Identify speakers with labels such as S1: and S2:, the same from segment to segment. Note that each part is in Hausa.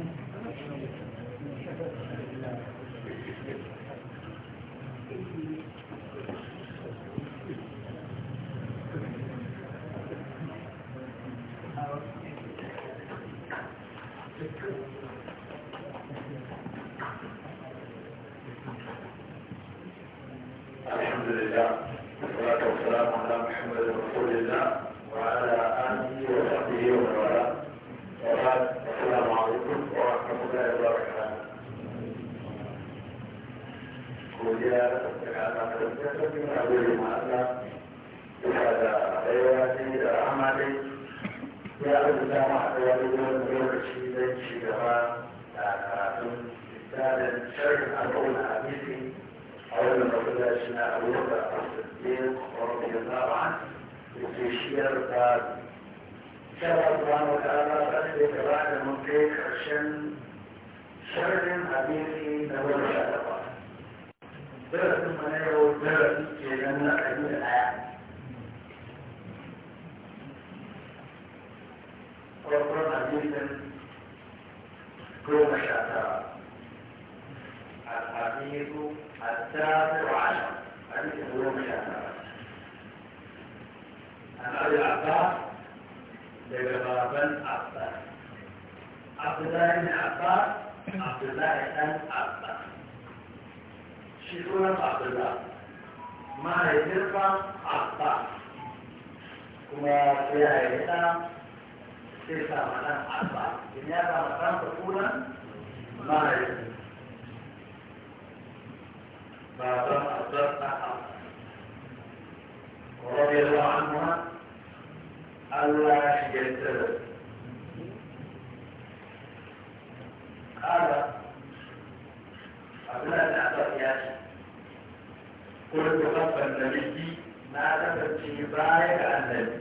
S1: الحمد
S2: لله والصلاة والسلام على محمد رسول الله وعلى
S1: suna gode ma Allah suna da rayuwa sai da rahama dai ya rubuta ma a tsaye da wani lokaci don ci gaba da karatun misalin sharrin al'ula a bisi a wannan masallaci na abubakar asibiti wani da zaba da ke shiyar da shara subhanahu wa ta'ala ta ce gaba da mun kai karshen sharrin abisi na wani shaɗa darasin mana yau darasi ke nan na ɗari da الحديث التاسع عشر حديث يوم شاء الله عن ابي عباس لبابا عباس عبد الله shi sunan abdullah mahaifinsa abba kuma ya yi ɗa sai sa matan abba in ya sa matan sa sunan mahaifin baban abdullah ɗan abba رضي الله عنها الله يجتبه قال قبل أن أعطيك
S2: كنت قبل
S1: النبي ما تفتي بايك النبي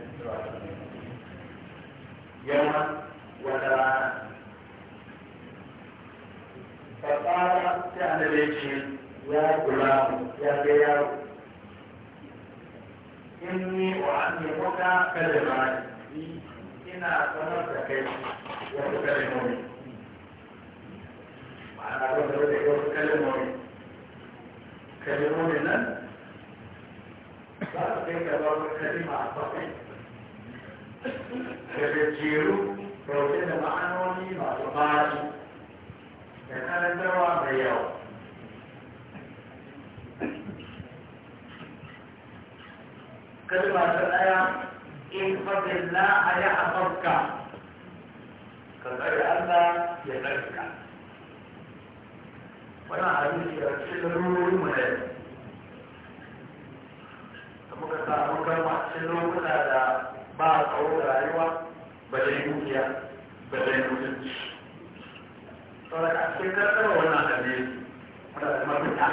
S1: يوما ولا فقال كان بيتي يا غلام يا غيار إني أعلمك كلمات إنا سمعت كيف وتكلمني معنى كنت تكلمني كلموني لن gajejjeru rauke da ma'anoni masu bari da karantarwa mai yawa kalma ta ɗaya in fadin na a yi haɓarka ka tsari Allah ya tsarka wannan hadisi a cikin rururin mu ne muka samu gama cikin lokuta da ba a tsawo da rayuwa ba da yi dukiya ba da yi mutunci saboda a cikin karkarwa wannan hadisi muna da mafita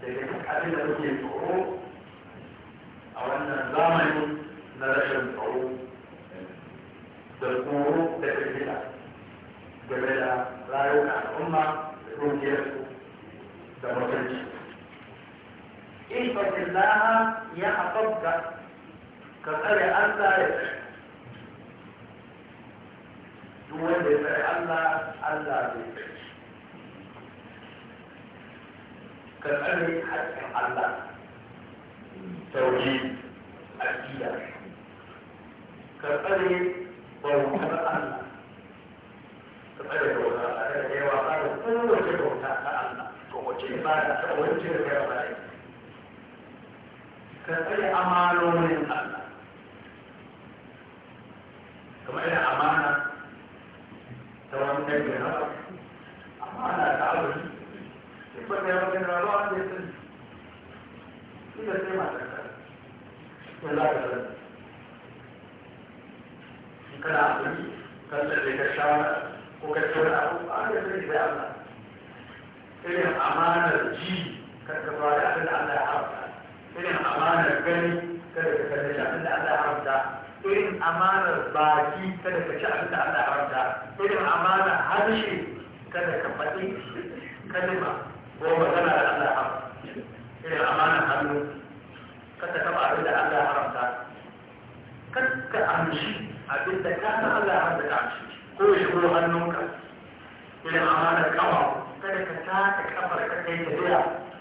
S1: da duk abin da muke tsoro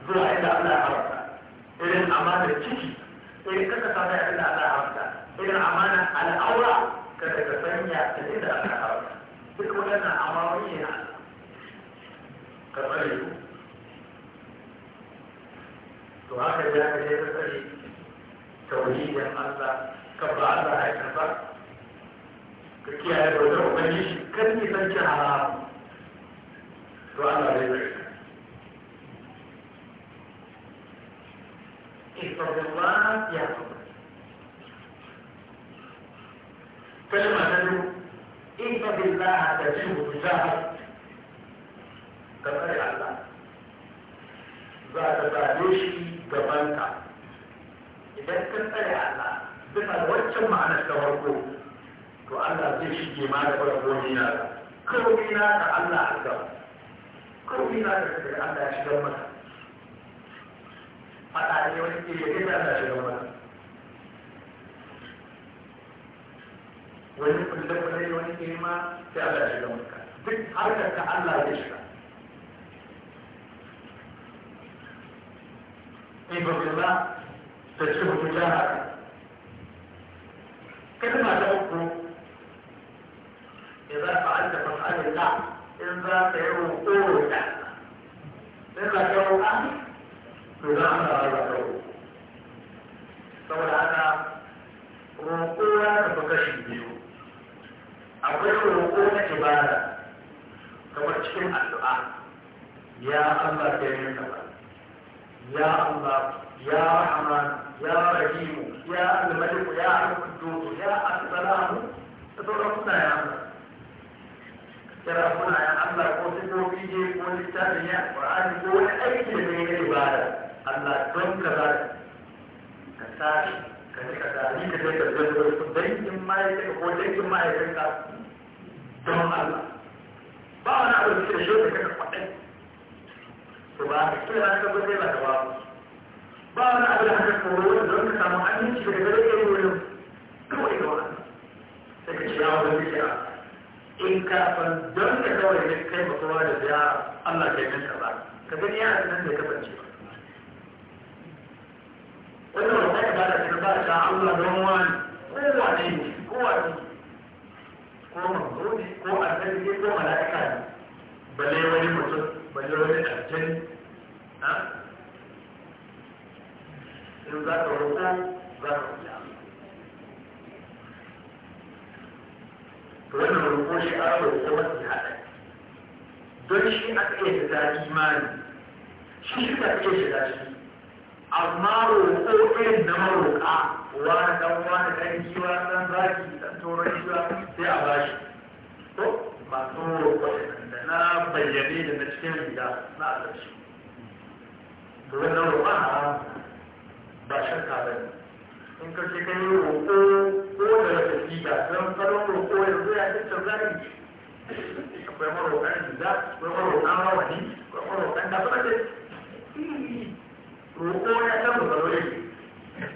S1: zuwa inda Allah ya haramta irin amanar ciki irin kasa fata ya inda Allah ya haramta irin amana al'aura ka daga sanya ta inda Allah ya haramta duk waɗannan amawoyi ne ka tsare su to haka ya ka je ka tsare tauhidin Allah ka ba Allah ya karba ka kiyaye da wajen ubangiji kan nisan cin haramu to Allah zai tsare يحفظ الله يحفظ كلمة تدعو احفظ الله تجده تجاهك كفر الله ذات بعديش جبانك إذا كفر الله بما وجه معنى التوقف to Allah zai shige ma da الله na kawai na الله Allah a gaba kawai na da Allah ya shigar masa faɗa ne wani ke yi zai zai shiga wani wani kullum wani wani ke ma sai Allah shiga wani duk harkar ka Allah ya shiga ibn Allah ta ci mutu jaha
S2: kalma ta uku
S1: idan fa'alta fa'alta in za ka yi roƙo da in za ka yi roƙo to za mu fara da roƙo saboda haka roƙo ya tafi kashi biyu akwai roƙo na ibada kamar cikin addu'a ya Allah ka yi kaza ya Allah ya Rahman ya Rahim ya Al-Malik ya Al-Quddus ya As-Salam da sauran sunayen Allah kira sunayen Allah ko sifofi ne ko littafin ya Qur'ani ko wani aiki da ne na ibada Allah don ka za ka tashi ka ji ka tashi ka je ka zai da su dangin ma'aikata ko dangin ma'aikata don Allah ba wani abu da shi da kaka kwaɗai to ba ka kira ka ba zai ba da ba ba wani abu da haka koro wani don ka samu aminci daga gare ka yi wurin kawai da wani sai ka ciya wani zuciya in ka san don ka kawai da kai mutuwa da ziyara Allah ka yi minka ba ka gani ya san da kasance ba wani wanda ya bada kirba ta Allah don wani wani wane ne ko wani ko manzoni ko annabi ne ko mala'ika ne balle wani mutum balle wani aljani ha in za ka roƙo za ka roƙi
S2: wannan roƙo shi a roƙo
S1: wasu haɗa don shi aka iya shiga imani shi shi ka iya shiga shi amma roƙo da na maroƙa wani dan wani dan kiwa dan zaki dan tauran kiwa sai a bashi to da na bayyane da na cikin riga na alashi to wannan roƙa ba shakka ba ne in ka ce kai roƙo ko da don farin roƙo yanzu ya ce zaki akwai maroƙan riga akwai maroƙan rawani akwai maroƙan da roƙo na kan barori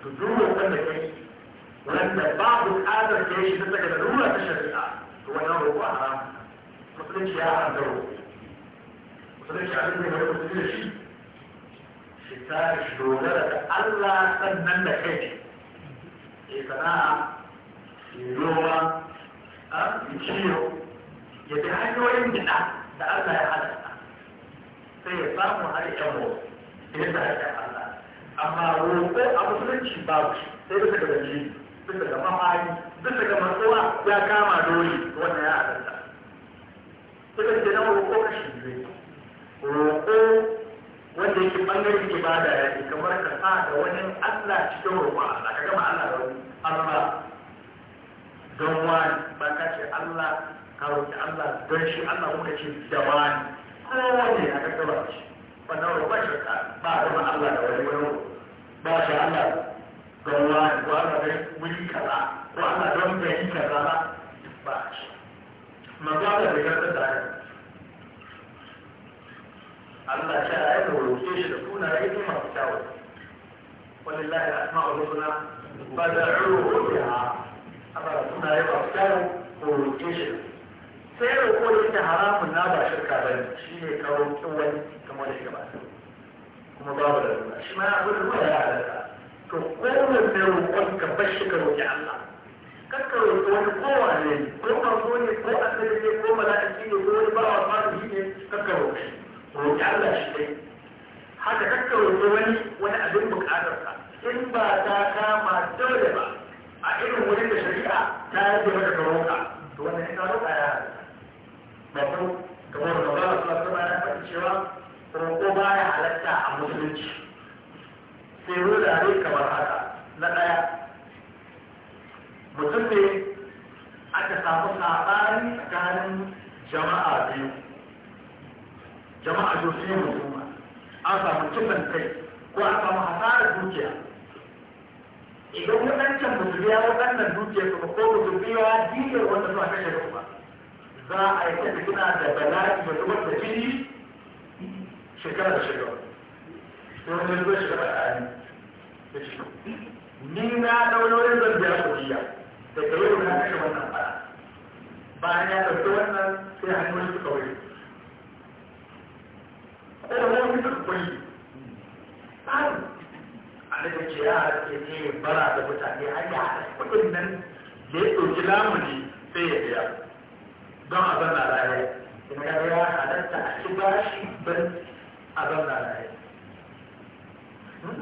S1: to duk roƙon da kai wanda ba buƙatar da shi ta daga lalura ta shari'a to wannan roƙo haram musulunci ya haramta roƙo musulunci abin da ya mutu da shi shi ta shi dogara da Allah sannan da kai ya sana'a ya noma a kiyo ya bi hanyoyin gida da Allah ya halatta sai ya samu har ya mu ya sa ya amma roƙo a musulunci ba sai bisa ga dalili bisa ga mamari bisa ga matsuwa ya kama dole wanda ya adalta suka ce na roƙo shi biyu roƙo wanda yake ɓangaren ba da ce kamar ka sa da wani Allah cikin roƙo Allah ka gama Allah da wani Allah don wani ba ka ce Allah ka roƙi Allah don shi Allah kuma ce da wani kowane a gaggaba shi wannan roƙon shirka ba a zama Allah da wani wani ba shi Allah don wani ko Allah da wuri kaza ko Allah don gari kaza ba ba shi manzo Allah bai karɓar da haka Allah ta ya aika roƙe shi da suna ya yi masu kyawun walillahi asmau al-husna fad'uhu biha Allah suna ya masu kyawun roƙe shi sai roƙo da ita haramun na ba shirka ba ne shi ne kawo kiwon kamar da gaba kuma babu da ruwa shi ma abin ruwa ya halarta to kowanne roƙon ka bar shi ka roƙi Allah kakka roƙi wani kowa ne ko kanko ne ko asali ne ko mala'iki ne ko wani bawa fadi ne kakka roƙi roƙi Allah shi dai haka kakka roƙi wani wani abin buƙatarsa in ba ta kama dole ba a irin wurin da shari'a ta yi maka ka roƙa to wannan ina roƙa ya halarta babu kamar da magana kuma kuma na faɗi cewa roƙo ba ya halatta a musulunci sai wurare kamar haka na ɗaya mutum ne aka samu saɓani tsakanin jama'a biyu jama'a biyu sun yi musulma an samu kisan kai ko an samu hasarar dukiya idan waɗancan musulmi ya waɗannan dukiya su ko musulmi ya wanda suka kashe da ba za a yi ta gina da bala'i da zubar da jini shekara da shekara sai wani zuwa shekara da ayi da shi ni na daunorin zan biya kuriya da kare wani na kashe wannan fara bayan ya ɗauki wannan sai hanyoyin suka wuri ko da wani suka kuri tsarin alaƙa ce ya haɗe ne bara da mutane har ya haɗa kuɗin nan ya ɗauki lamuni sai ya biya don a zanna lafiya kuma ya ya halatta a ci bashi don a zanna lafiya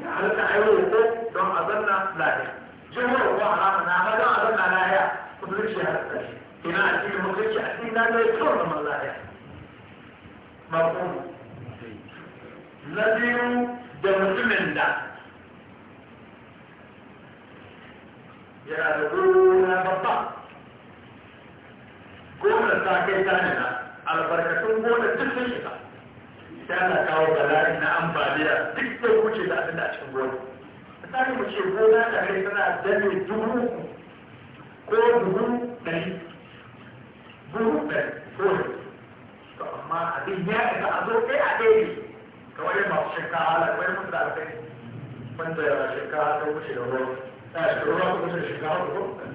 S1: ya halatta a yi roƙo don a zanna lafiya jin roƙo haramun na amma don a zanna lafiya kuma shi halatta shi ina a cikin mutunci a cikin lafiya kyau zaman lafiya mafhum na da mutumin da yana da gudu ta kai tanina albarkatun gona duk sun shiga sai ana kawo balari na ambaliya duk da wuce da abin da a cikin gona misali mu ce gona ta kai tana dame dubu ko dubu dari dubu dari ko ne to amma abin ya isa a zo kai a ɗaya kamar yadda masu shekara ala kamar musu da alkai wanda shekara ta wuce da ruwa ta shekara ta wuce da shekara ta wuce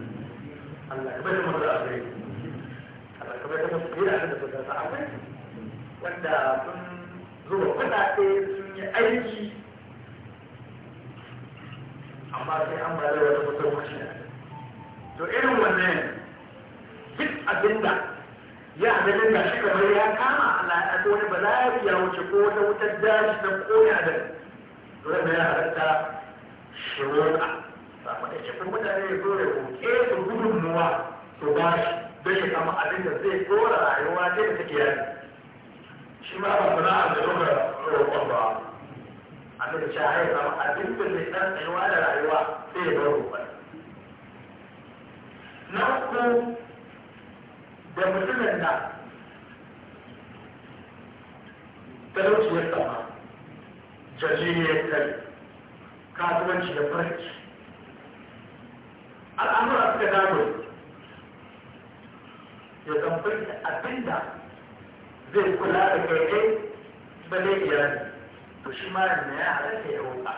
S1: Allah ya bari mu da alkai zama kira da ba ta samu wanda sun zuwa kuɗaɗe
S2: sun yi aiki
S1: amma sai an ba da wata mutum mashi to irin wannan duk abinda ya ganin da shi kamar ya kama ala'a ko wani bala'i ya wuce ko wata wutar daji na koya da dole ne ya halatta shiroka ba mu da cikin mutane ya zo da koke su gudunmuwa su ba shi sai ka samu abin da zai kora rayuwa ce da take yaki
S2: shi ma ba sana'a da nuna roƙon ba
S1: a daga cewa ya samu abin da zai ɗan tsayuwa da rayuwa sai ya bar roƙon na uku da mutumin na talauci ya sama jalli ne ya kai kasuwanci da farki al'amura
S2: suka damu
S1: ya tambayi abinda zai kula da kai ba zai iyali to shi ma yanzu ya halatta ya roƙa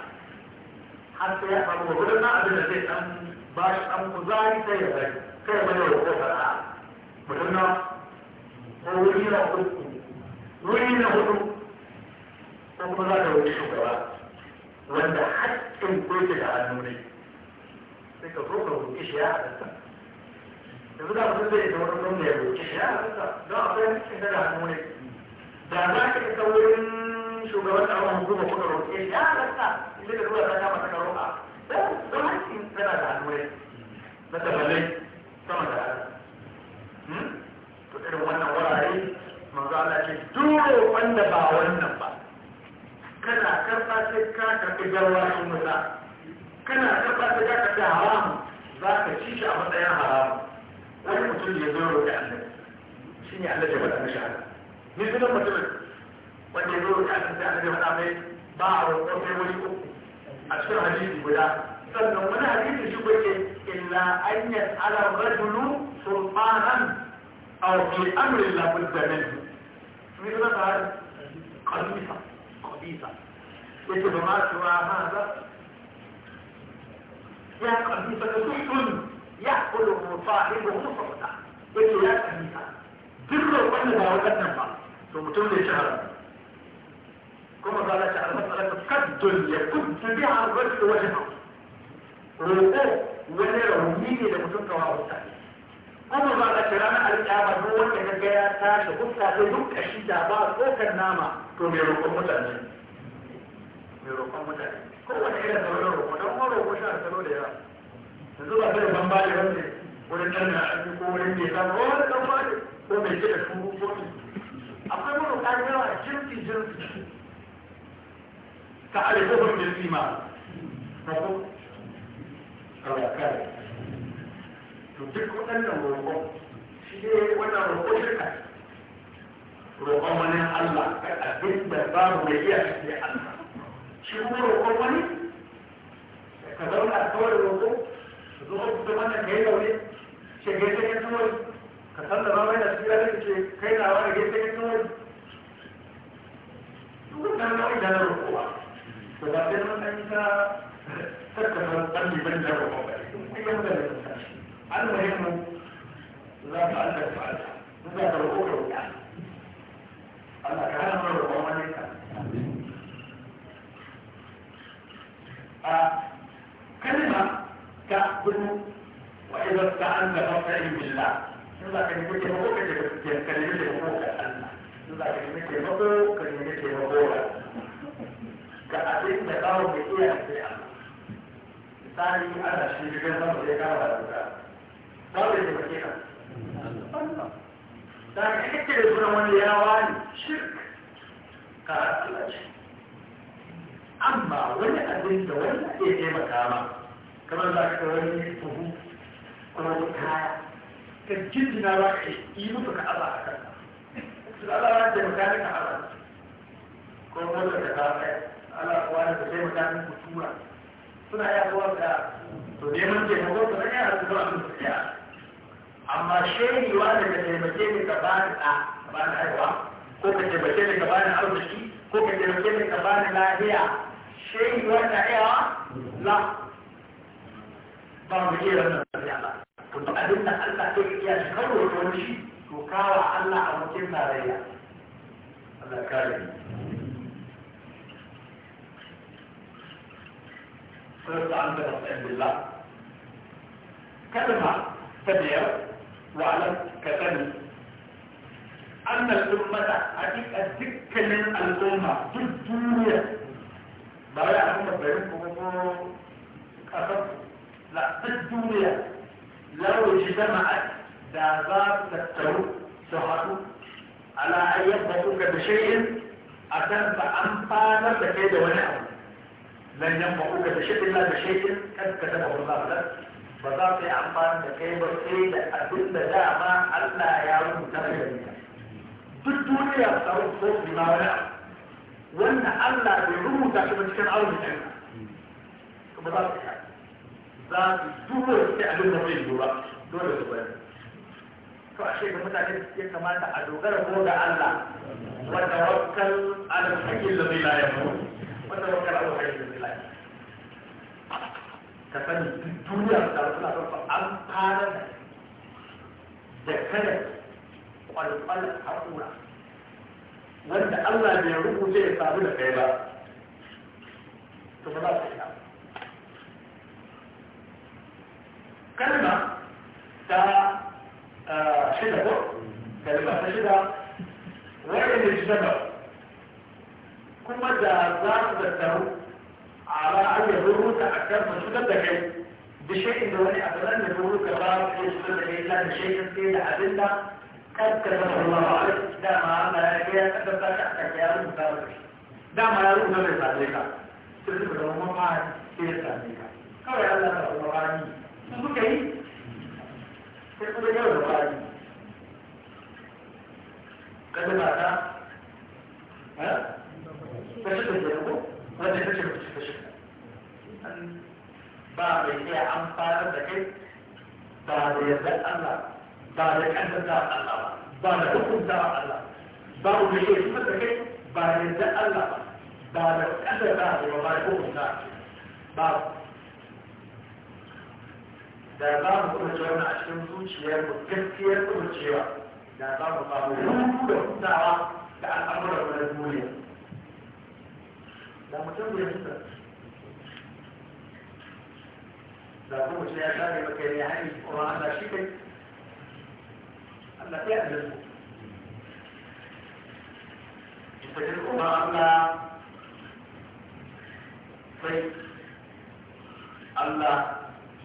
S1: har sai ya samu wurin na abin da zai dan ba shi dan kuzari sai ya bari kai ya bari roƙo fara mutum na ko wuri na hudu wuri na hudu ko kuma za ka wuce shugaba wanda haƙƙin ko ke da hannu ne sai ka zo ka roƙe shi ya halatta yanzu da mutum zai da wani nuna ya roƙe shi ya halatta don akwai cikin da hannu ne da za ka yi saurin shugaban da wani hukuma kuka ya halatta inda ka zuwa ta kama ta roƙa don haƙƙin tana da hannu ne na sama da hannu hmm? to irin wannan wurare manzo Allah ce duro wanda ba wannan ba kana karɓa sai ka karɓi garwashin wuta kana karɓa sai ka karɓi haramu za ka ci shi a matsayin haramu لا يمكن يزور الأعلى شيني على جبل المشعر من ذلك المتبع وأن يزور الأعلى على جبل الأعلى باعه وطفل وليه أشهر حديثي ولا sannan wani hadisi shi kuke illa an yas'ala rajulu sultanan aw fi amrin la budda minhu min da ta qabisa qabisa yace ba ma tuwa hada ya qabisa ka tuhun يأكل مصاحبه صوتا وإنه يأكل ميتا ذكر وإن باوكت نبع ثم تولي شهر كما قال شهر مصر قد يكد بها الرجل وجهه روحه ونره ميدي لمتنك واوكت كما قال شهر أنا قلت يا مدروة إن الجيات تاشا قلت لدك أشيدا بعض فوق النامة ثم يروح متأمين يروح متأمين كل حين تولي روح متأمين روح يا تولي yanzu ba zai ban bada wanda wurin nan na shi ko wani da ta ko wani dan bada ko mai ce da shuru ko ne akwai mun ka yawa jirki jirki ko alifofin jirki ma ka ko Allah kare to duk waɗannan roƙon shi ne wannan roƙon shirka roƙon wani Allah a abin da babu mai iya shi Allah shi kuma roƙon wani ka zauna kawai roƙon su zo su wannan kai zaune ce gaisa ya tuwai ka sallama mai da su yare ce kai na wani gaisa ya tuwai duk da nan da nan kowa to ba sai mun dan ta da dan bi ban da kowa ba kullum da nan almuhimmu za ka Allah ta Allah za ka roƙo ka roƙa Allah ka hana mana roƙon wani ka a kalima. تأكل وإذا استعنت فاستعن بالله إلا كلمة مقوة كلمة مقوة إلا كلمة مقوة كلمة مقوة كأبين تقاوم بإيه في الله misali ana shi jirgin sama ya kama da wuta babu da mace ka da ka kake da sunan wani yawa ne shirk ka ce amma wani abin da wani ke taimaka ma kamar za ka wani tuhu kuma wani kaya ka jinjina ba ka yi musu ka aza a kanka su da Allah ya taimaka ka aza ko wanda ka ta kai Allah kuwa da taimaka maka tura suna iya zuwa da to neman taimako to nan yana zuwa mun tsaya amma shehi wanda ka taimake ne ka bani a ka bani haihuwa, ko ka taimake ne ka bani arziki ko ka taimake ne ka bani lahiya shehi wanda aiwa la ba mu iya wannan tafiya ba to duk abin da Allah ke iya shi kawai da wani shi to kawa Allah abokin tarayya Allah kare ni first an da tsayin billah kalma ta biyar wa alam ka sani annal ummata hakika dukkanin al'umma duk duniya ba wai al'umma bayan kuma ko kasar لا الدنيا لو اجتمعت دابات تترو سحطوا على أن ينبطوك بشيء أتم أنفانا تكيد ونعم لن ينبطوك بشيء إلا بشيء قد كتبه الله لك بضاطي أمطار تكيد وسيد أدل دعما ألا يعلم تغير بالدنيا تترو صوت بما ونعم وأن الله بيعود من كان أول من أنت za su duba su abin da zai ba dole su bari to ashe da mutane ya kamata a dogara ko ga Allah ka sani duniya da Allah an fara da kwalkwal wanda Allah bai rubuce ya samu da kai ba to ba za yi كلمة تشدة كلمة تشدة وين الجبل كما ذات ذاته على أن يدور تأكد مشدة دكي بشيء دوني أبدا ضرورة كبار شدة دكي لا بشيء كثير لأبدا قد كتب الله عليك دام ما يجي أبدا تحتك يا رب تارك دام يا رب ما بيساعدك تلك بلوما ما يساعدك كوي الله الله عليك suka yi sai kuma yau da fari kada eh? ba ta kashe da jirgo wanda kashe da kashe ba mai iya an fara da kai ba da yardar Allah ba da Allah ba ba da hukunta Allah ba da da kai ba da yardar Allah ba ba da kandanta Allah ba da hukunta ba da za mu kuma jana a cikin zuciyar mu gaskiyar kurcewa da za mu samu hutu da hutawa da al'amuran mu na duniya da mutum ya fita da kuma ce ya tsare maka ne hari kuma Allah shi kai Allah ya ajiye su cikin kuma Allah sai Allah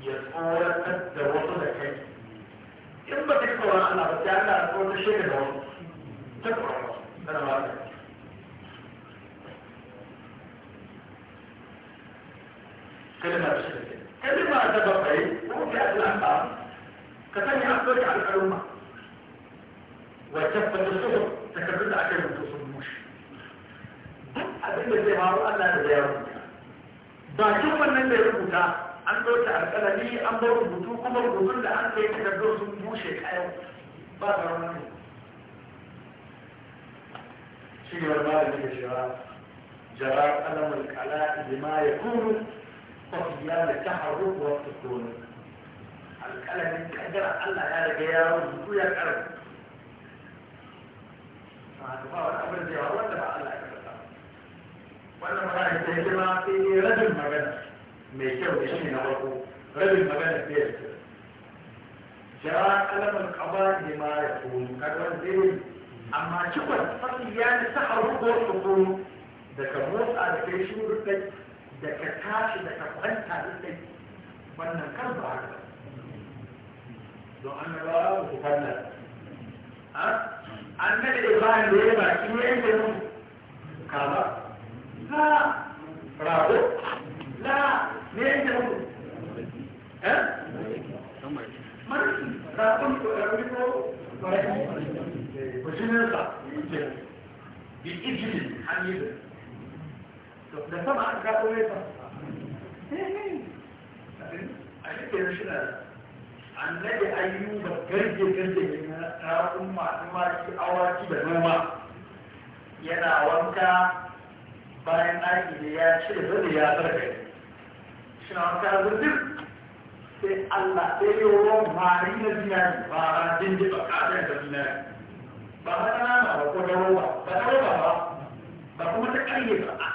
S1: ya tsoratar da wasu da kai in ba ta yi tsoron Allah ba ta Allah ko ta shaida da wasu ta tsoron wasu جرى قلم الكلاء لما يكون وصيان التحرك والسكون الكلام كدر الله يا رجال ويا كرم فهذا الأمر جواب ولا الله ولا ما يتهجم في رجل مجنة ميتوا يشين أبوه رجل مجنة بيت جرى قلم القضاء لما يكون كدر زين أما شكرا فصيان التحرك والسكون daga motsa da kai shuru kai da ka tashi da ka kwanta da kai wannan kan ba haka don annabawa ba su kalla annabi ibrahim da ya ba shi ne yake mun kama la rago la ne yake mun eh marisi rakon ko ko
S2: ba shi
S1: ne sa yake bi ijili an yi da sama an kaɗo ne ta a cikin shi na annabi ayyuba garje garje ne na umma masu shi awaki da noma yana wanka bayan aiki ne ya cire zai ya sarkai shi na wanka zurgin sai Allah sai yi wa mari na zinari ba a dindi ba ƙadar da zinari ba ma ƙanana ba ko da roba ba da roba ba ba kuma ta ƙarye ba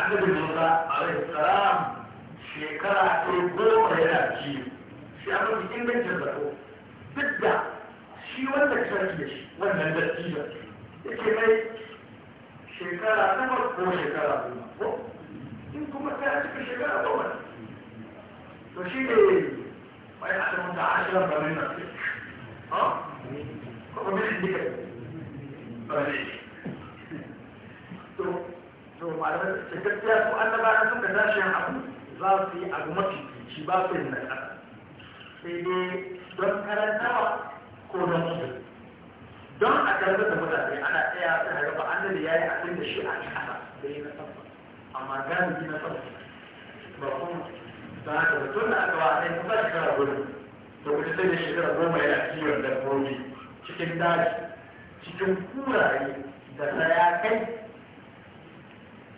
S1: annabi musa alaihi salam shekara ta goma yana ci shi a mafi ingancin zato duk da shi wanda sarki da shi wannan dattijan yake mai shekara takwas ko shekara ko in kuma ta cika shekara wani to shi ne wai a cikin ta ashirar da mai nasu ha ko mai shi ne to to malamai da gaskiya su annabawa suka tashi abu za su yi abu mafi shi ba su yin na ƙasa sai dai don karantawa ko don su don a karbi da mutane ana tsaya ta daga ba annabi yayi abin da shi a ƙasa da yi na sama amma galibi na sama ba kuma ba da mutum da aka wasa ya kuma shekara gudu da wuce sai da shekara goma yana kiwon dabbobi cikin daji cikin kuraye da ya kai.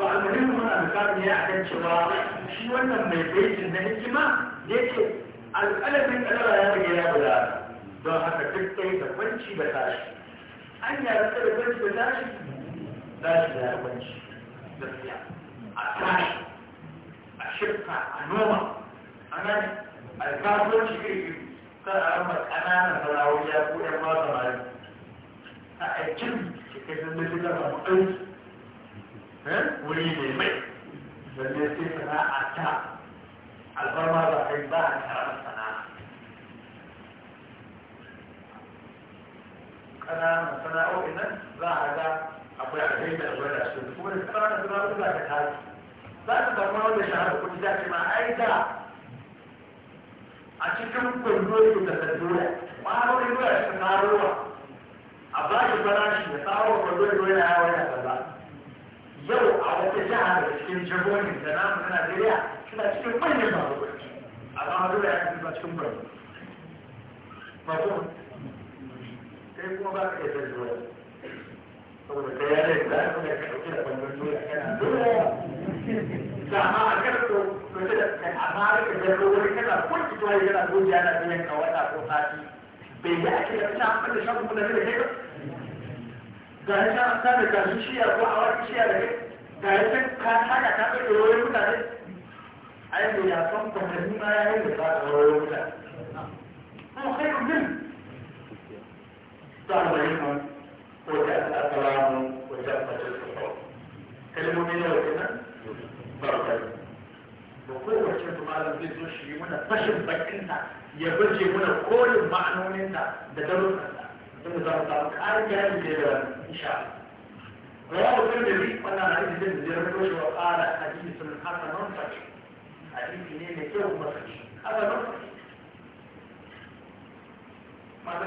S1: to almuhim muna misali ne akan cewa shi wannan mai baitin na hikima yake alƙalamin ƙalara ya rage ya guda don haka duk sai da kwanci da tashi an ya rasa da kwanci da tashi tashi da ya kwanci gaskiya a tashi a shirka a noma a nan alkasuwanci iri kan a rama ƙananan sarawoyi ya ko ƴan ma samari a aikin shi kai sun bai duka samu aiki Eh? wuri mai mai sannan sai sana'a ta alfarma ba kai ba a karamar sana'a ƙananan nan za a ga akwai da akwai da su kuma da ƙananan za ka tashi za ka samu wanda shahara kuɗi za ka ma da a cikin kwallo da sandura ma har wani doya shi karuwa
S2: a ba shi farashi ya tsawon kwallo doya ya wani
S1: kaza yau a wata jiha da cikin jihohin da namu na Najeriya suna cikin manyan marubuci amma dole ya kasance cikin birni mafi sai kuma ba ka iya zai zuwa saboda ta yare da ya kuma ka ɗauki da ɓangar doya kana doya da amma a kan so to da amma a kan zai wani kana ko ki tuwa yana doya yana doya ka wata ko sati bai yi a kira ina an fada shan kuma da zai kai ga ya san ta da gasu shiya ko a wata shiya da kai ga ya san ka haka ta kai da wayoyin mutane ai da ya san ni ma ya yi da ba da wayoyin mutane ko kai kudin ta da yi ma ko ta asalamu ko ta fatar su kawo kalmomi yau kenan barkatu da kowace malam zai zo shi muna fashin bakinta ya bace muna kolin ma'anoninta da darussansa ولكن يقول لك ان يكون
S2: هناك من يكون هناك من يكون
S1: هناك من يكون هناك من يكون هناك من يكون هناك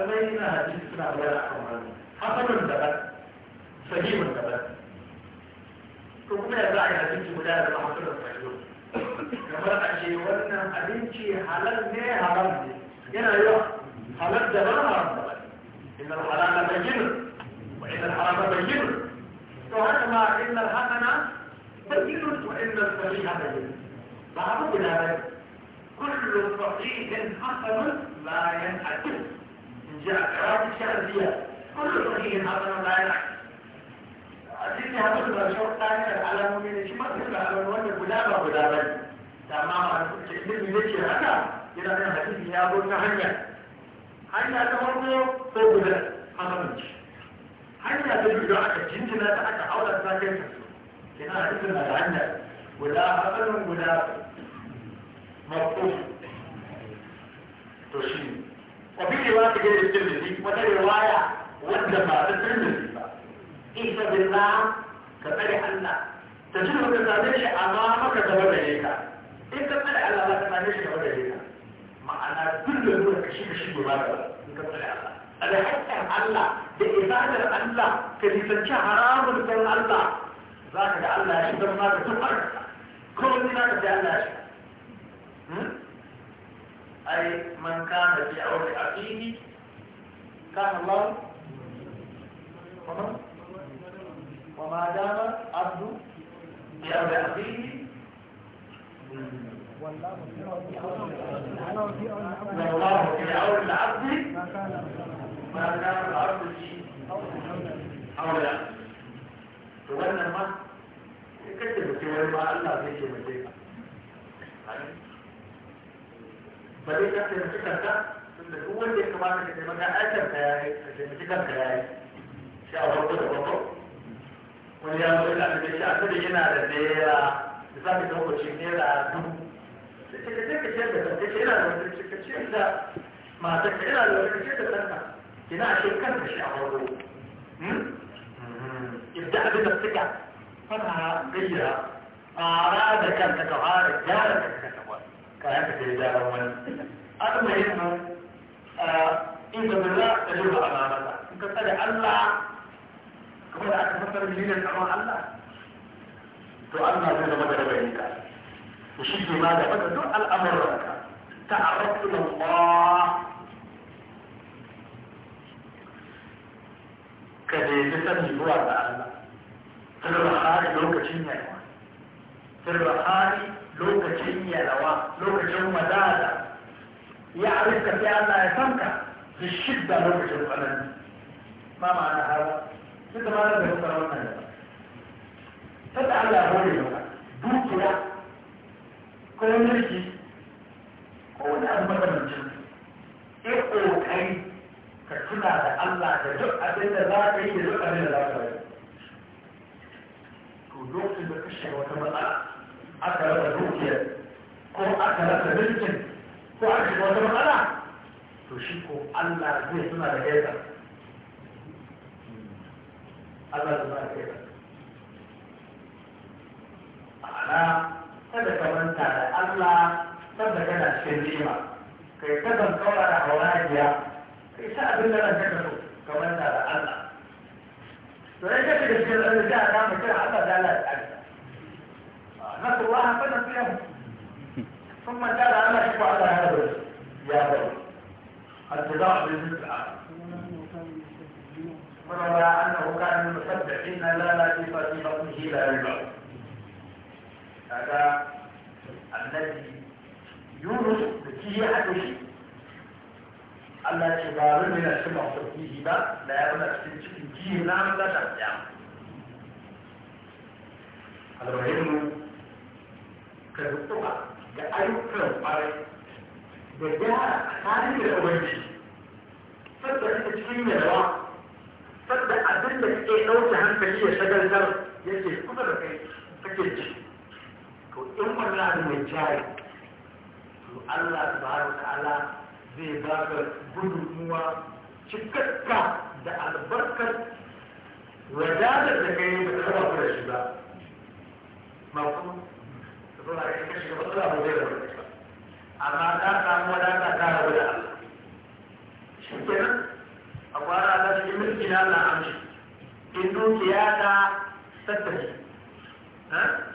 S1: من يكون هناك من يكون هناك من يكون هناك من يكون هناك من يكون هناك من يكون هناك من يكون هناك من يكون هناك من يكون هناك إن الحلال بين وإن الحرام وهذا ما إن الحسن بين وإن الصحيح بين معروف بذلك كل صحيح حسن لا ينعكس إن جهة قراءة الشعبية كل صحيح حسن لا ينعكس أجلني هقول بشوط تاني على مؤمن شو ما تقول على مؤمن غلابة غلابة تمام أنا كنت إني ليش هذا إذا أنا حديث يا أبو نهنيا hanya ta farko sai guda a samanci hanya ta biyu don aka jinjina ta aka aula ta kai ta kina da ita da hanya guda hasalin guda mafi to shi wafi ne ba ta gani da tirmidhi wata riwaya wanda ba ta tirmidhi ba isa billah ka tsare Allah ta ji da ka same shi amma maka gaba da ka in ka tsare Allah ba ka same shi gaba da ka ma'ana duk da nuna kashi kashi ba za ka ka tsaya da haƙƙin Allah da ibadar Allah ka nisanci haramun don Allah za ka ga Allah ya shigar ma da duk harka kowani za ka da Allah ya hmm? ai man kana fi aure a fili kana Allah وما دام عبد في أرض أخيه والله في أول العبد
S2: ما كان العبد
S1: حول to wannan ma kake da kewar ma Allah zai ce mace ba zai ka taimaki kanka tunda duk wanda ya kamata ka taimaka aikar ka yayi ka taimaki kanka yayi shi a farko da farko wani ya zo ina da shi a kada yana da naira misali ta hukunci naira dubu sai ka je ka ce da ta ce ina da wani ka ce da matar ka ina da wani ka ce da ɗanka kina a shekar da shi a wani ibda abin da suka fara gayyara tsara da kanka ka fara gyara da kanka ba kayan ka ce gyaran wani an mai yin in ka zira da lura a mamata in ka tsada Allah kamar da aka fasar miliyan tsaron Allah to Allah zai zama da rabayin ka تشيد ماذا فتدع الأمر لك تعرفت الله كذلك تنجدوا على الله في الرحالي لو كتيني يا إخوان في الرحالي لو كتيني يا لواء لو كتيني مدادة يعرفك في الله يسمك في الشدة لو كتيني قلن ما معنى هذا؟ كنت ما لديه ترون هذا فتعلى هولي لو كتيني ko mulki ko wani abu makamancin sai ƙoƙari ka tuna da Allah da duk abin da za ka yi da duk abin da za ka yi to lokacin da ka shiga wata matsala aka rasa dukiyar ko aka rasa mulkin ko aka shiga wata matsala to shi ko Allah zai tuna da gaisa Allah zai tuna da gaisa ma'ana kada ka manta da Allah sanda kana cikin ni'ima kai ta ban kawar da hawajiya kai sa abin da ranka ka so ka manta da Allah to ya kace da cikin Allah da ka mu kira Allah da Allah nasu Allah fa nasiya ثم تعالى على شفاء الله هذا يا رب التداعي بالرزق ولولا انه كان من المسبحين لا لا في بطنه لا يبعث kaga annabi yunus da shi ya haɗu shi Allah ce ba yana cikin mafarkihi ba da ya cikin cikin na an gasa ya alwahinmu ka rukuwa da ayyukan ƙwarai da gyara da sadda cikin yalwa sadda abin da suke ɗauke hankali ya shagaltar yake da kai ciki to in wannan abu mai jari to Allah subhanahu ta'ala zai ba baka gudunmuwa cikakka da albarkar wadatar da kai da kaba ku da shi ba maku zuwa da kake shiga matsala ba zai rabu amma ka samu wadata ta rabu da Allah shi kenan a kwara ta shi mulki na na amshi in dukiya ta tattace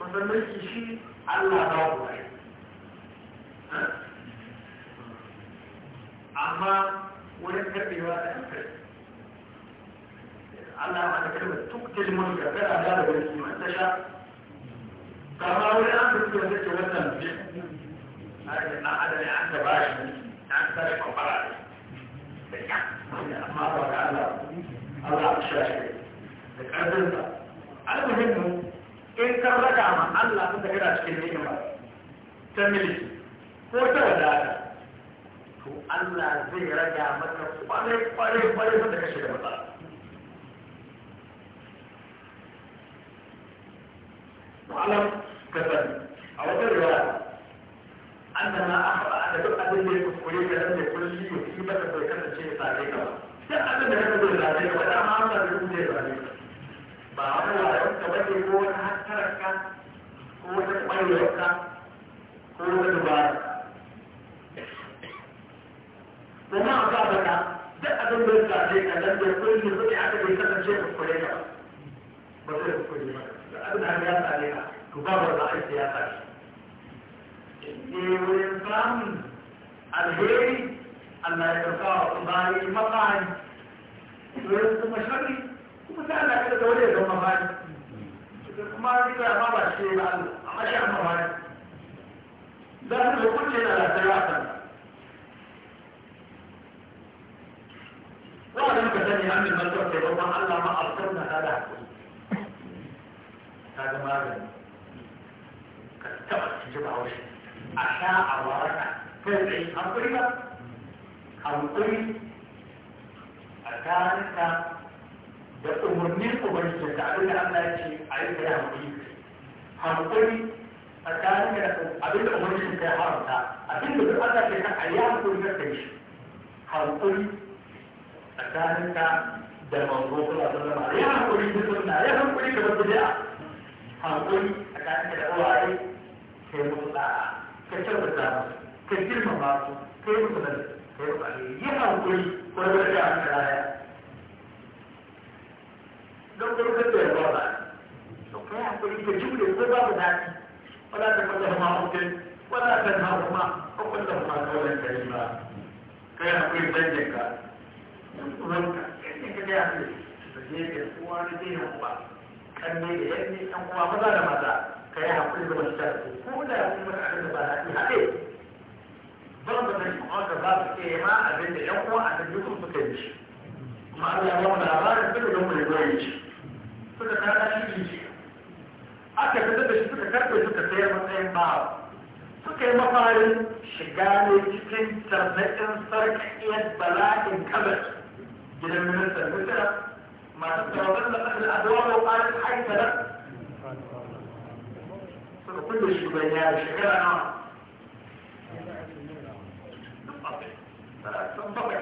S1: kun san mulki shi Allah ba ku bai amma wurin karbewa da hankali Allah ma da kalmar tuktil mulka kada da da wani kima ta sha kama wurin an fi tuwa zai wannan biyu na adali an da ba shi an tare kwamfara da ya amma ba da Allah Allah a shi da ƙarfinsa almuhimmin in kan raga ma Allah sun tafi da cikin ni'ima ta miliki ko ta wadata to Allah zai raga maka kwarai kwarai kwarai sun da kashe da matsala wa'alam ka sani a wata riwaya annana akhra da duk abin da ya kuskure ka dan da shi ya yi maka bai ce ya sare ka ba duk abin da ya kuskure da ta wada ma Allah zai kuskure ba ne ba wani wa'alam ka bane ko wata ƙwayarka ko wata dubara
S2: domin a ba bata
S1: duk abin da ya ce ka zan da kullum da suke aka bai kasance kuskure ka ba sai kuskure ba duk abin da ya same ka to ba ba za a yi ya sa shi ne wurin samun alheri Allah ya karfa wa bayi mafani wurin kuma shari kuma sai Allah ya karfa wani ya zama mafani da kuma riga ma ba shi ba amma shi amma ba za su da kunce na lafiya a kan za a da muka sani an min mantuwar sai babban Allah ma a kan na tada hakuri ta ga magani ka taba ci ji ba haushi a sha a waraka kai tsaye hakuri ba hakuri a tarinka da umarnin ubangiji da abin da Allah ya ce a yi kai hankali hankali tsarin da abin da ubangiji ka haramta abin da duk Allah ke kan a yi hankali na kai shi hankali a tsarin ka da manzo
S2: kuma da zama a yi hankali da sunna a yi hankali da bid'a
S1: hankali tsakanin ka da uwaye kai musu da'a ka kyautata da zama ka girma kai musu da kai musu alheri yi hankali ko da ya hankali don garkar da yawa ba to kai hakuri ka jure ko babu wala ta wala ta kuma ko kawai ba kai hakuri ka ka ka da hakuri da ne da kowa na zai kan ne da maza da maza hakuri da ko da da ba ban da ka ba ke ma abin da ‘yan uwa a dukkan shi kuma Allah ya ba labarin duk da yi suka kada shi shi aka fitar da shi suka karɓe suka sayar matsayin bawa suka yi mafarin shiga ne cikin tarzakin sarkakiyar bala'in kabar gidan ministan misira
S2: masu tsawarar da ƙasar adawa da ƙwarin haifar suka kulle shi bai ya shekara nawa
S1: sun bakwai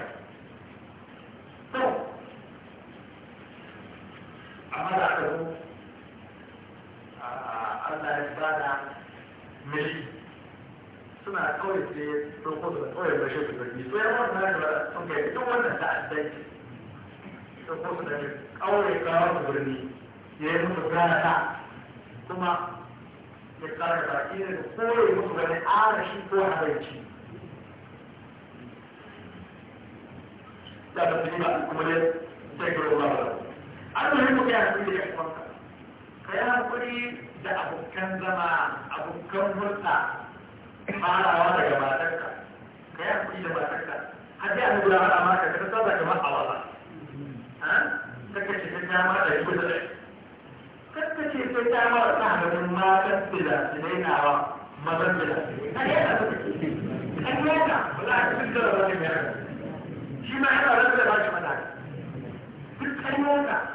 S1: amma za ka zo Allah ya ba da milki suna kawai sai sun kusa da kawai bashe su zargi so yawan na kula sun kai duk wannan ta'addanci sun kusa da kawai kawo su birni ya yi musu gana ta kuma ya kare baki ne da kore musu wani arashi ko halarci da ba su yi ba kuma ne sai kuro ba ba المهم يا سيدي يا اخوانك يا كوري ده abokan zama abokan hulɗa farawa daga matarka ka yi hakuri da matarka har dai an gura hada maka ka tsada da maka wala ka kace ta dama da yi da ka kace ta dama da ta hannun matan bila su ne nawa mazan bila a yi da suke a yi da wala a cikin da wani mai shi ma yana rasa da ba shi mata duk kan yau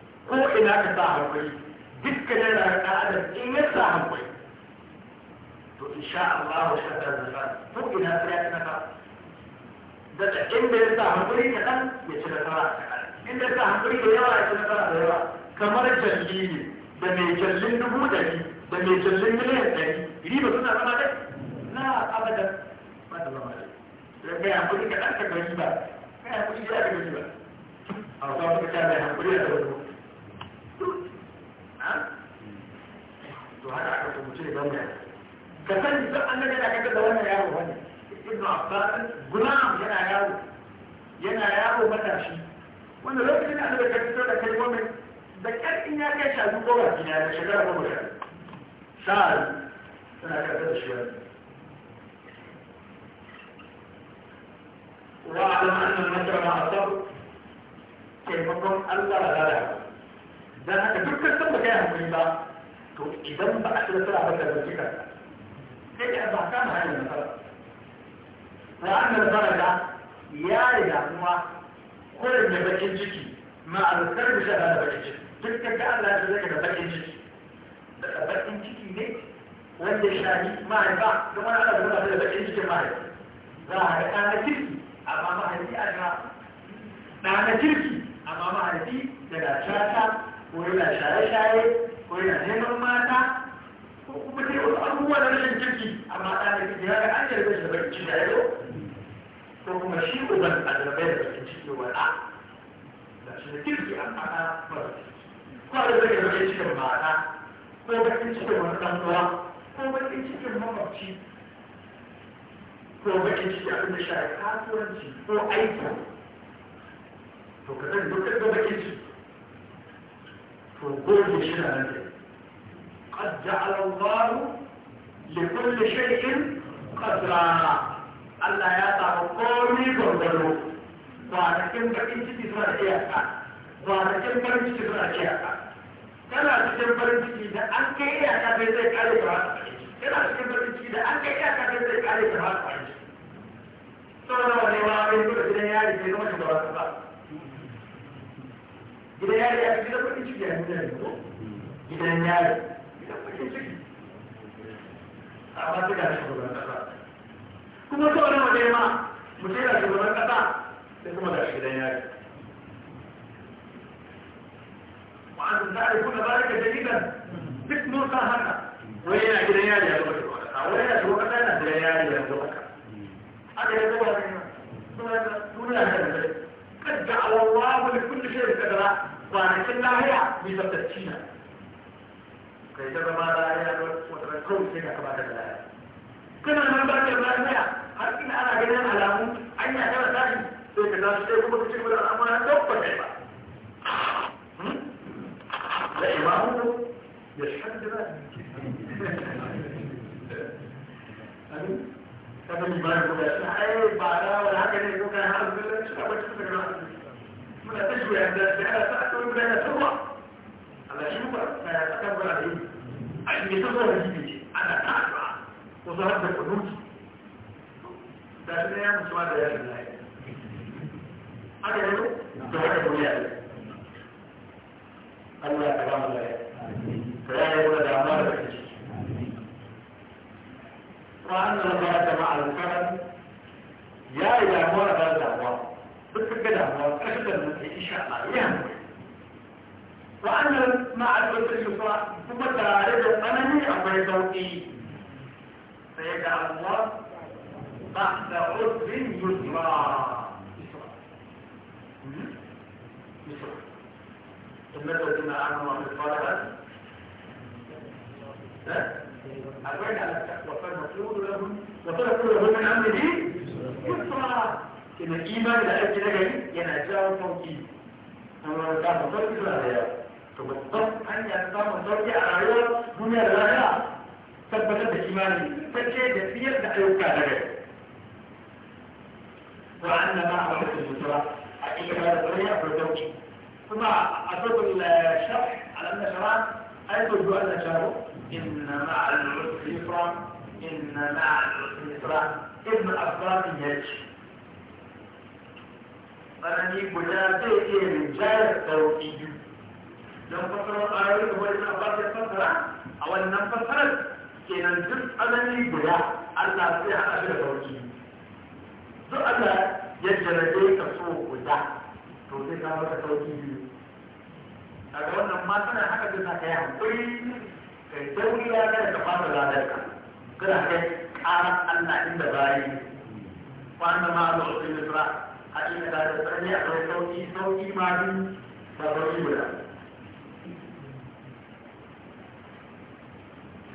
S1: ko ina ka sa hankali dukkan yana da adam in ya sa hankali to insha Allah wa shadda zaka ko ina sai ya tsaka daga inda ya sa hankali kaɗan ya ci nasara inda ya sa hankali da yawa ya ci nasara da yawa kamar jalli ne da mai jallin dubu ɗari da mai jallin miliyan ɗari riba suna zama dai na abadan ba ta zama dai da kai hankali kaɗan ka gari ba kai hankali ya ka gari ba a wasu ka ta mai hankali a da wani to haka aka rubuce da wannan ka sani duk an daga daga da wannan yaro wani ibn abbas gulam yana yaro yana yaro matashi wanda lokacin da aka fito da kai wannan da karfin ya kai shazu ko ba kina da shekara goma sha sa'ad tana karɓar da shi wani واعلم ان المكر مع الصبر كيف قل الله لا يعلم dan haka dukkan san baka hankali ba to idan ba a ci nasara ba ka zai ka sai ka ba ka ma hanyar nasara ra'an nasara da ya riga kuma kurin da bakin ciki ma a rukar da shaɗa da bakin ciki dukkan ka Allah ya zai da bakin ciki daga bakin ciki ne wanda ya shahi mahaifa kuma ana nuna da bakin cikin mahaifa za a ga ɗana kirki amma mahaifi a ga ɗana kirki amma mahaifi daga cata ko yana shaye-shaye ko yana neman mata ko kuma dai wasu abubuwa na rashin kirki amma da kirki ya ga an yarda shi da ciki a yau ko kuma shi uban a da bakin ciki wa ɗa da shi da kirki an ba da ko da cikin mata ko bakin cikin wani ɗan ko bakin cikin mamabci ko bakin ciki abin da shaye kasuwanci ko aiki to ka zan dukkan da ciki to gurbi shi na nan قد جعل الله لكل شيء قدرا Allah ya samu komi gwangwaro kwanakin bakin ciki suna da iyaka kwanakin farin ciki suna da iyaka kana cikin farin ciki da an kai iyaka sai zai kare ka kana cikin farin ciki da an kai iyaka sai zai kare ka sau nawa ne ma abin gidan yari sai zama shugaba ba Gidan yare ya fi da kudin ciki ya fi da gidan yare, gidan kudin ciki. A ba ta shugaban kasa. Kuma kawai na wajen ma, mutum yana shugaban kasa da kuma ga gidan yare. Wa'azin za'a kuna ba da jaridan duk mun san haka. Wani yana gidan yare ya zama shugaban kasa, wani yana shugaban kasa yana gidan yare ya zama kasa. Aka yi zama wani yana.
S2: Duniya
S1: ta da قد جعل الله لكل شيء قدرا kwanakin lahiya bisa tafcina kai ta zama lahiya don wata kawai sai ka kamata da lahiya kana nan ba ka lahiya har ina ana ganin alamu an ya tara sai sai ka tashi sai kuma cikin da amma na kai ba hmm? da imamu ya shanta ba kada mu bayar da shi ai ba da wala haka ne ko kai har zuwa shi ka bace da ba ta juya da da guda da tuba Allah shi ba ya tsakar da yi a shi ne da shi ana ta addu'a wasu da kunuti da shi ne ya mutu ma da ya da Allah ya kama da ya yaya wani damuwa da kake ciki وأن الله وأنا مع الأسر اليسرى ثم تعرض أمني أمر ذوقي فيجعل الله بعد عسر يسرى يسرى ثم تجمع الله في الصالحات أبين على التقوى فالمطلوب لهم وطلب له من عمله يسرى إن الإيمان لأجل نجم ينجاه توكيد أما كان مطلوب لها فبالضبط أن الإنسان متوجه على رياض دنيا الغاية ثبتت بإيمانه فالشيء كثير دعيوك عليه وأن ما أردت ثم أصدق الشرح على أن أيضا يقول أن شرعه إن إن مع العسر يسرا إذن أفراد يجي don fasarar ayoyi da wani abbas ya fasara a wannan fasarar kenan duk tsanani guda Allah sai haɗa da wani duk Allah ya jarabe ka so guda to sai ka maka sauki biyu daga wannan ma tana haka da ka yi hankali kai dauriya kada ka fara ladar ka kada kai ƙarar Allah inda bayi kwanan ma a lokacin da tura cikin da tsarni a kai sauki sauki ma biyu ba sauki guda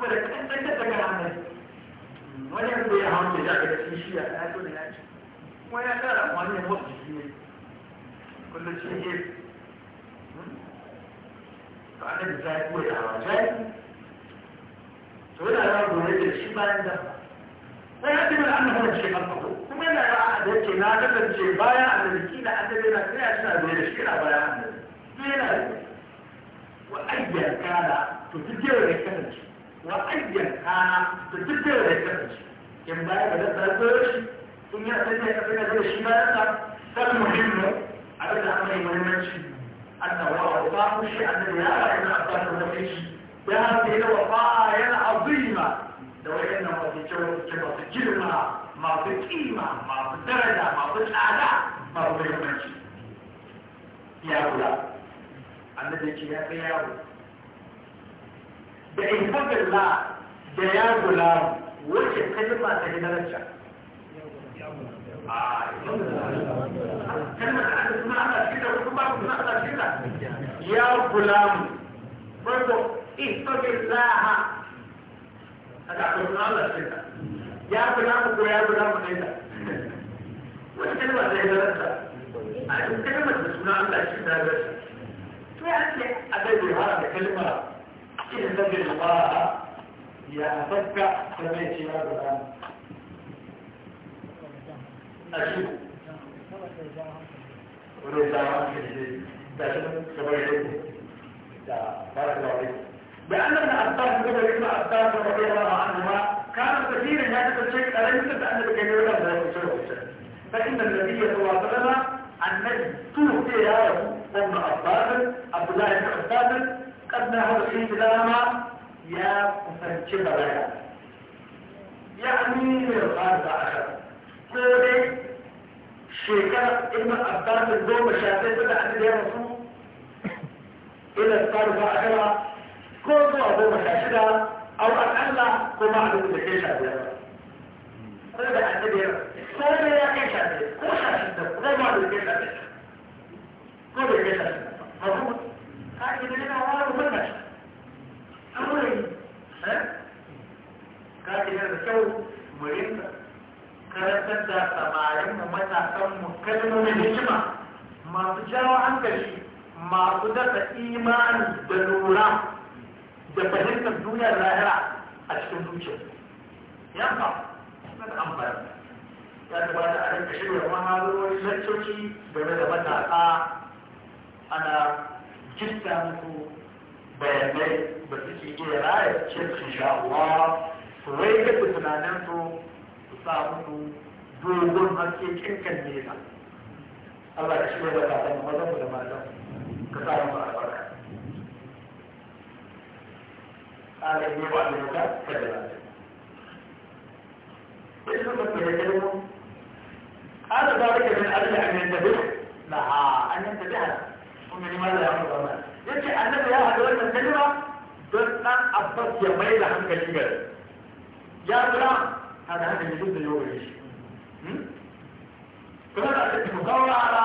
S2: saboda kankan da daga ranar wani yanzu ya hau da daga cikin shi ya
S1: taso da yaki kuma ya kara amfani da motsa jiki ne kullum shi ne to an da zai koya wa zai to yana da gore da shi bayan da sai ya tuna an nan shi kan kuma yana da a da na kasance bayan annabi kila annabi na sai ya tuna gore da shi na bayan annabi sai yana wa ayyaka to duk yau da kasance rana da duk da ya kasance in baya da zai tsaro shi sun yi asali a tsaka zai shi bayan sa san muhimmi a da ta mai muhimmanci annawa wa ba mu shi annabi ya ba ina ba ta da shi ya haɗe da wafa yana azima da wayannan masu kyau masu girma masu kima masu daraja masu tsada masu muhimmanci ya kula annabi ce ya kai yawo da in fadar da ya gula wace kalma ta yi darajar ya gulamu farko ifogin laha a kakwai suna Allah shi ta ya gulamu ko ya gulamu ne ta
S2: wani kalma ta yi darasa
S1: a cikin kalma ta suna Allah shi ta darasa to ya ce a zai bai hara da kalma cikin sabbin ba يا أفكى سميت يا الآن أشوف وليس عنك الجديد لكن سبيعين بارك الله عليك بأن ابن عباس بدل ابن عباس رضي الله عنهما كان كثير هذا الشيء ألا يمكن أن يتجاوز هذا الشيء فإن النبي صلى الله عليه وسلم عن نجد توفي يا رب ابن عباس عبد الله بن عباس قدنا هذا الشيء لنا يا فتشي بلايا يعني الغاز عشر سوري شيكرا ابن عباس الدوم الشافعي بدا عن يا رسول الى الطرف عشرة كل ابو مشاشرة او الاقل كما عدد بكيش عبيرا رجع عن يا سوري يا كيش عبيرا كل شاشرة غير معدد بكيش عبيرا كل بكيش عبيرا مفهوم هاي من هنا Eh? ka ce da kyau mu rinka karantar da samarin mu matasan mu kalmomin hikima masu jawo hankali masu dasa imani da lura da fahimtar duniyar lahira a cikin zuciya yanka na da amfani ya gabata a rinka shirya mahalolin lantarki game da matasa ana gista muku bayanai ba suke iya raya cikin sha'awa su wai da tunanin su su sa musu dogon haske kinkan nesa Allah ya shirya da kasan mazan da matan ka sa musu albarka Allah ya ba da muka kada ba sai suka fara kalmo هذا ذلك من أجل أن ينتبه لها أن ينتبه لها ومن لماذا يعمل ضمانه yake annabi ya haɗa wannan kalma don ɗan abbas ya mai da hankali gare ya kira hada hankali duk da yau gare shi
S2: kuma da ake ku kawo
S1: ala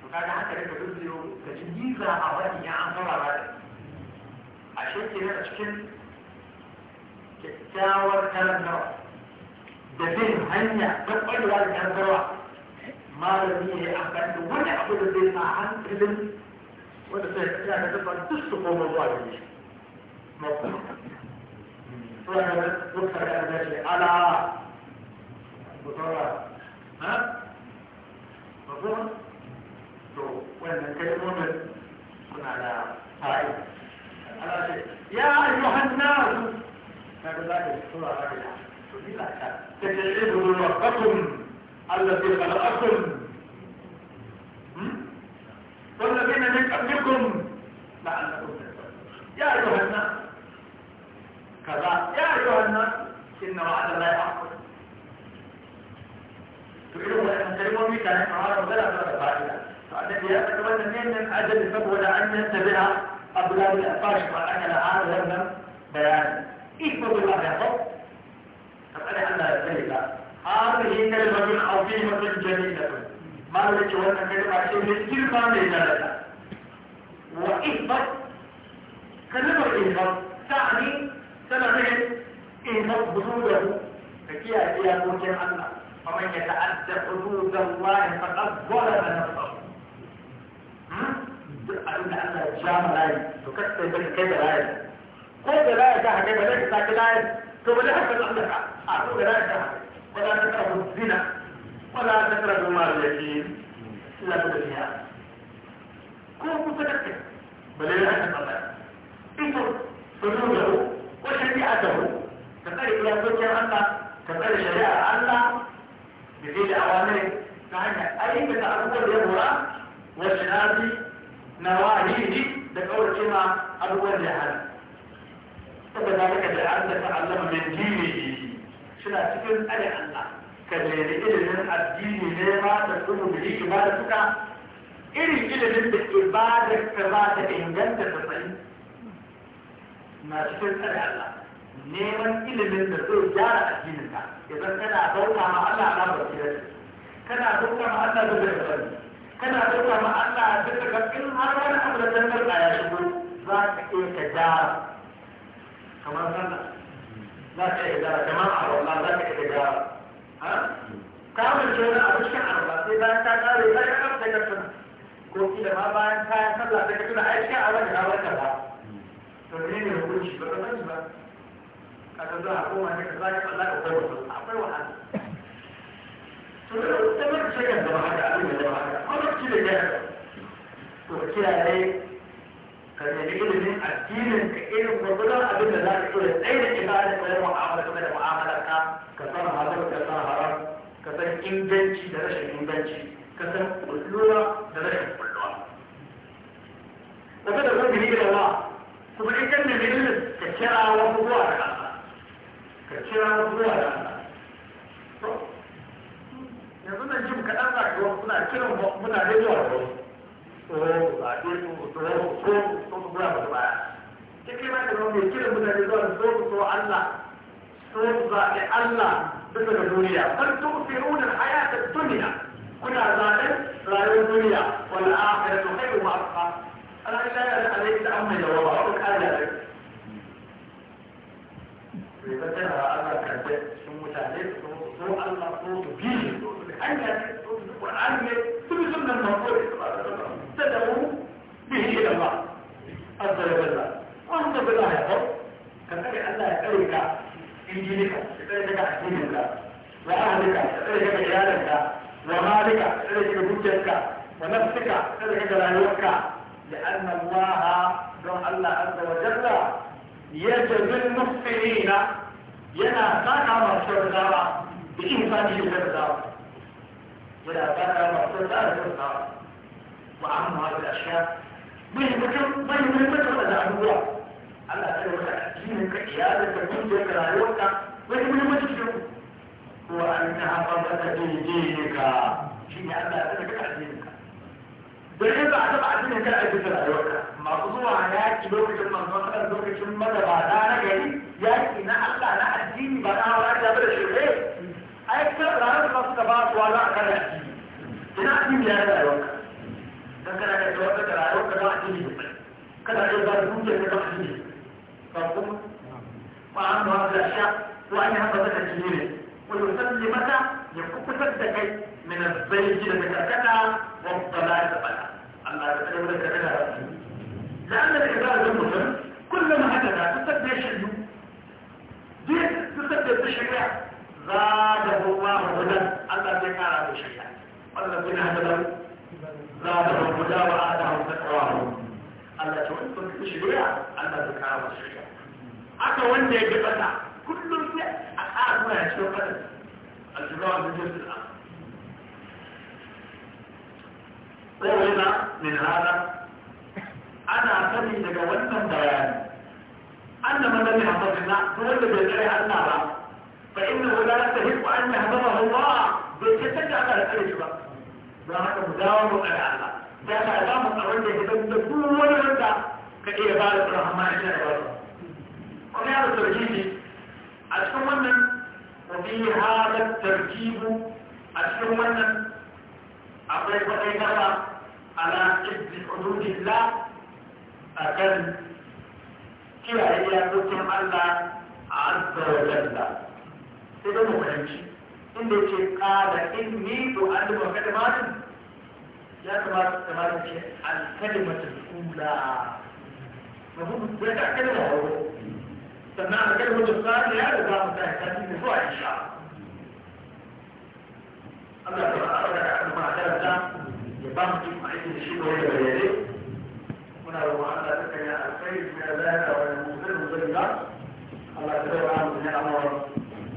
S1: to kaga hankali ka duk da yau ka ji giza a wani ya an fara ba da a shekin yana cikin kyakkyawar karantarwa da bin hanya don ɓarewa da karantarwa malami ya yi amfani da wani abu da zai sa hankalin وتتعلم تطلع تسلق من الظالم موقف وهذا يدخل على ماشي على بطرة ها مفهوم وإن كلمون كنا على فاعل على شيء يا أيها الناس هذا ذلك الصورة الذي خلقكم والذين من من قبلكم لعلكم يا أيها الناس كذا يا أيها الناس إن وعد الله حق تقولوا أن تلمون بك أن تعالى ولا تفعل فأنت يا أتمنى من أجل فبول أن يتبع أبلاد الأفاش وأكل هذا لما بيان إيكو بالله يا حب فقال أن ذلك هذه كلمة عظيمة جميلة malam ce wannan kalma ce mai girma mai daraja wa ihbat kalmar ihbat ta'ani tana nufin ihbat hududahu ka kiyaye iyakokin Allah faman ya ta'adda hududallahi faqad zalama nafsahu duk abin da Allah ya ja ma layi to kasta ya kai da layi ko da layi ta haka ba zai ta layi to ba zai haka Allah a ko da layi ta haka ba za ta kawo zina wala ta kara da mara da ke suna da duniya ko kusa da kai bale ya ta fada ito sunu da ko ko shari'a ta ko ka tsare iyakokin Allah ka tsare shari'a Allah da zai da ta hanyar ayyuka da abubuwan da ya hura wasu nazi na wahihi da kaurace ma abubuwan da ya ba saboda ka da an da ta'allama min dini suna cikin tsare ka nemi ilimin addini ne ma ta kuma bili ibada suka irin ilimin da ibada ka za ta inganta ta sai na cikin tsare Allah neman ilimin da zai gyara addinin ka idan kana bauta ma Allah ala basira kana bauta ma Allah da zai sani kana bauta ma Allah da zai ga in har wani abu da zai farka ya shigo za ka iya ka gyara kamar sallah za ka iya gyara jama'a wallah za ka iya gyara ka amince wani abu cikin arba sai bayan ta kare ya yi kan sai ka ko kila ma bayan kayan sallah sai tuna ai cikin arba da na warka ba to ne ne hukunci ba ka sani ba ka ga zuwa koma ne ka zaka Allah ka kai wasu akwai wahala
S2: to da ta mace kan zama haka abin da haka kuma kile ne
S1: to kiyaye ka nemi ilimin addinin ka irin gwagwadon abin da za ka so da tsaye da ibada ka yi mu'amala kuma da mu'amala ka ka san halal ka san haram ka san inganci da rashin inganci ka san kulluwa da rashin kulluwa daga da zan yi da ba kuma in kan nemi ilimin ka kira wasu zuwa da Allah ka kira wasu zuwa da Allah yanzu nan jim kaɗan za ka suna kiran mutane zuwa da wasu tsoron ba tsoron tsoron tsoron tsoron ba ba cikin mai da mai kiran mutane zuwa so ku so Allah so ku zaɓi Allah bisa ga duniya bal tu'thiruna al-hayata ad-dunya kuna zaɓen rayuwar duniya wal akhiratu khayrun wa abqa Allah ya yi alai da amma jawaba wa kana da bai fata da Allah karbe sun mutane su so Allah so su bi su hanya su Qur'an ne وأهلك ومالك تقلد بوجهك ونفسك تقلد رأيك لأن الله دون الله عز وجل يجب المسلمين ينا ساكا مرشد دارا بإنسانه الدار ولا ساكا مرشد دارا وأهم هذه الأشياء مهمة مهمة مهمة مهمة Allah ya rubuta addinin ka iyalin ka dukiyar ka rayuwar ka wani muhimmanci ce ko an ta haɓa ba ta daidai ka shi ne Allah ya rubuta addinin ka don yanzu a taɓa addinin ka a cikin rayuwar ka masu zuwa yaƙi lokacin manzon Allah lokacin magabata na gari yaƙi na Allah na addini ba na hawa da ba da shirye ai kan ranar da suka ba su wala a kan addini ina addini ya rayuwar ka dan kana da rayuwar ka da addini ne kana da ba dukiyar ka da addini ربك وعنده هذه الأشياء وأنها بدأت ويسلم متى يفكك الدكي من الزيج لتكتك والضلال بلا الله يسلم لك لأن العبادة المهم كلما حدث تسبح شيء دي تسبح بشريع زاده الله هدى الله يقال بشريع والذين هدوا زادهم هدى وآتاهم تقواهم الله تقول بشريع الله يقال بشريع haka wanda ya gabata kullum sai a ƙara zuwa ya ciwo kadan الجراء بالجزء الآخر قولنا من هذا أنا أتني لجوانا بيان أن من الذي حفظنا هو الذي يدعي أننا بقى. فإنه لا يستهد أن يحفظه الله بالكتك على الأجبة ذلك مداوم على الله ذلك أدام الأولى يتبدأ كل ولد كإبارة الرحمن إلى الله wani yana tarjibi a cikin wannan wafi halar tarjibu a cikin wannan akwai kwaɗai gaba ala ibn hududillah a kan kiyaye iyakokin Allah azza wa jalla sai da mutunci inda ce kada in ni to an da kalmatin ya kamata ta ma ce al kalimatul ula mafhum da kalmar hawo sannan a kai wajen tsari ya da za mu ta haka cikin zuwa insha
S2: Allah ta ba'a da aka ma karanta
S1: ya ba mu cikin aikin shi da wani bayanai muna roƙon Allah ta kai alkhairi da zaka wa musulmi musulmi ba Allah ta ba'a mu ne amara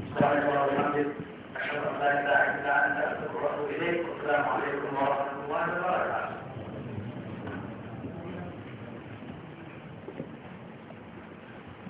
S1: subhanahu wa ta'ala أشهد أن لا إله إلا أنت أستغفرك وأتوب إليك والسلام عليكم ورحمة الله وبركاته